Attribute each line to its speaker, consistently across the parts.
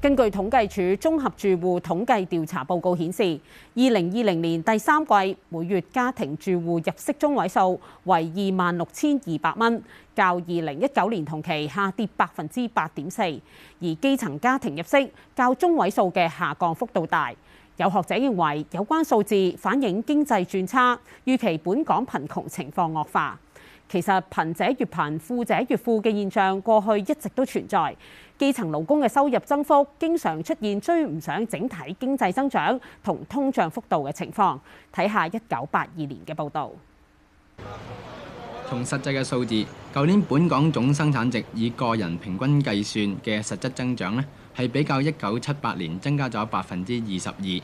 Speaker 1: 根據統計處綜合住戶統計調查報告顯示，二零二零年第三季每月家庭住戶入息中位數為二萬六千二百蚊，較二零一九年同期下跌百分之八點四。而基層家庭入息較中位數嘅下降幅度大，有學者認為有關數字反映經濟轉差，預期本港貧窮情況惡化。其實貧者越貧、富者越富嘅現象過去一直都存在。基層勞工嘅收入增幅經常出現追唔上整體經濟增長同通脹幅度嘅情況。睇下一九八二年嘅報道。
Speaker 2: 從實際嘅數字，舊年本港總生產值以個人平均計算嘅實質增長咧，係比較一九七八年增加咗百分之二十二，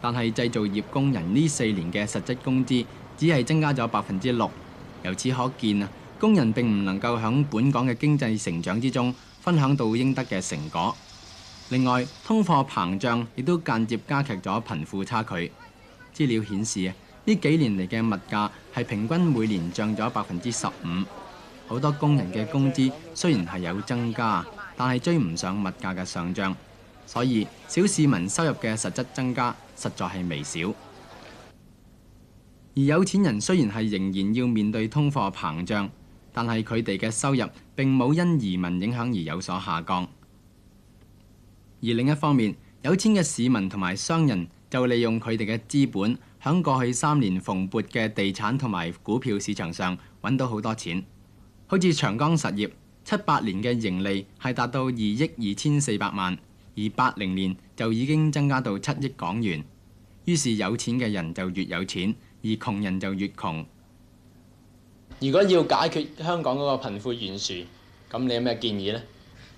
Speaker 2: 但係製造業工人呢四年嘅實質工資只係增加咗百分之六。由此可見啊，工人並唔能夠響本港嘅經濟成長之中，分享到應得嘅成果。另外，通貨膨脹亦都間接加劇咗貧富差距。資料顯示，呢幾年嚟嘅物價係平均每年漲咗百分之十五。好多工人嘅工資雖然係有增加，但係追唔上物價嘅上漲，所以小市民收入嘅實質增加實在係微少。而有錢人雖然係仍然要面對通貨膨脹。但係佢哋嘅收入並冇因移民影響而有所下降。而另一方面，有錢嘅市民同埋商人就利用佢哋嘅資本，響過去三年蓬勃嘅地產同埋股票市場上搵到好多錢。好似長江實業，七八年嘅盈利係達到二億二千四百萬，而八零年就已經增加到七億港元。於是有錢嘅人就越有錢，而窮人就越窮。如果要解決香港嗰
Speaker 3: 個貧富懸殊，咁你有咩建議呢？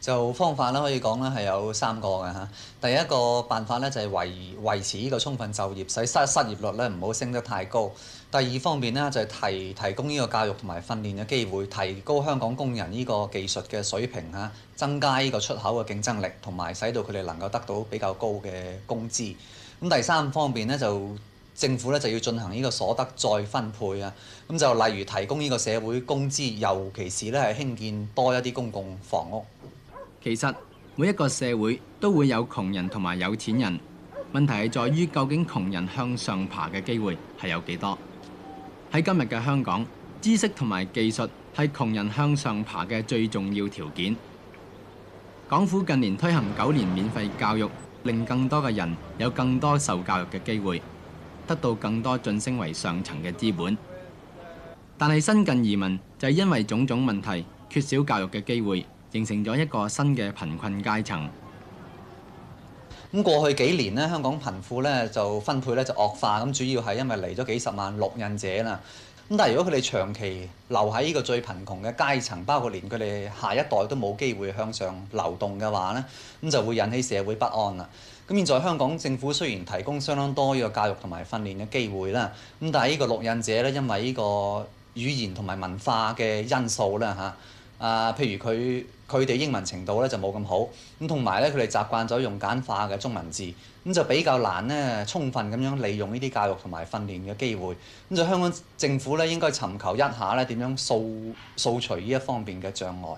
Speaker 3: 就方法咧，可以講咧係有三個嘅吓。第一個辦法咧就係維維持呢個充分就業，使失失業率咧唔好升得太高。第二方面咧就係提提供呢個教育同埋訓練嘅機會，提高香港工人呢個技術嘅水平吓，增加呢個出口嘅競爭力，同埋使到佢哋能夠得到比較高嘅工資。咁第三方面咧就，政府咧就要進行呢個所得再分配啊，咁就例如提供呢個社會工資，尤其是咧係興建多一啲公共房屋。其實每一個社會都
Speaker 2: 會有窮人同埋有錢人，問題係在於究竟窮人向上爬嘅機會係有幾多？喺今日嘅香港，知識同埋技術係窮人向上爬嘅最重要條件。港府近年推行九年免費教育，令更多嘅人有更多受教育嘅機會，得到更多晉升為上層嘅資本，但係新近移民就係因為種種問題，缺少教育嘅機會，形成咗一個新嘅貧困階層。
Speaker 3: 咁過去幾年咧，香港貧富咧就分配咧就惡化，咁主要係因為嚟咗幾十萬綠印者啦。咁但係如果佢哋長期留喺呢個最貧窮嘅階層，包括連佢哋下一代都冇機會向上流動嘅話咧，咁就會引起社會不安啦。咁現在香港政府雖然提供相當多呢個教育同埋訓練嘅機會啦，咁但係呢個錄印者咧，因為呢個語言同埋文化嘅因素啦嚇，啊譬如佢佢哋英文程度咧就冇咁好，咁同埋咧佢哋習慣咗用簡化嘅中文字，咁就比較難咧充分咁樣利用呢啲教育同埋訓練嘅機會。咁在香港政府咧應該尋求一下咧點樣掃掃除呢一方面嘅障礙。